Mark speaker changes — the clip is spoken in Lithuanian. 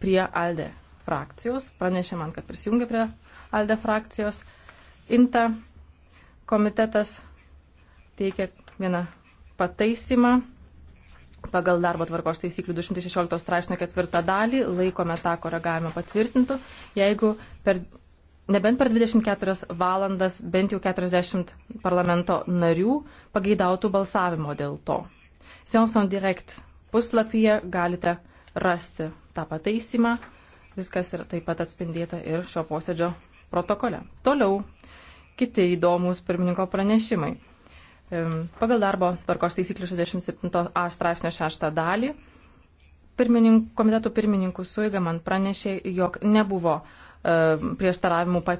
Speaker 1: prie ALDE frakcijos, pranešė man, kad prisijungė prie ALDE frakcijos. INTA komitetas teikia vieną pataisimą pagal darbo tvarkos taisyklių 216 straipsnio ketvirtą dalį laikome tą koregavimą patvirtintų, jeigu per, nebent per 24 valandas bent jau 40 parlamento narių pageidautų balsavimo dėl to. Sionson Direct puslapyje galite rasti tą pataisymą. Viskas yra taip pat atspindėta ir šio posėdžio protokole. Toliau kiti įdomūs pirmininko pranešimai. Pagal darbo tvarkos taisyklių 67a straipsnio 6 dalį pirminink, komitetų pirmininkų suiga man pranešė, jog nebuvo prieštaravimų
Speaker 2: pat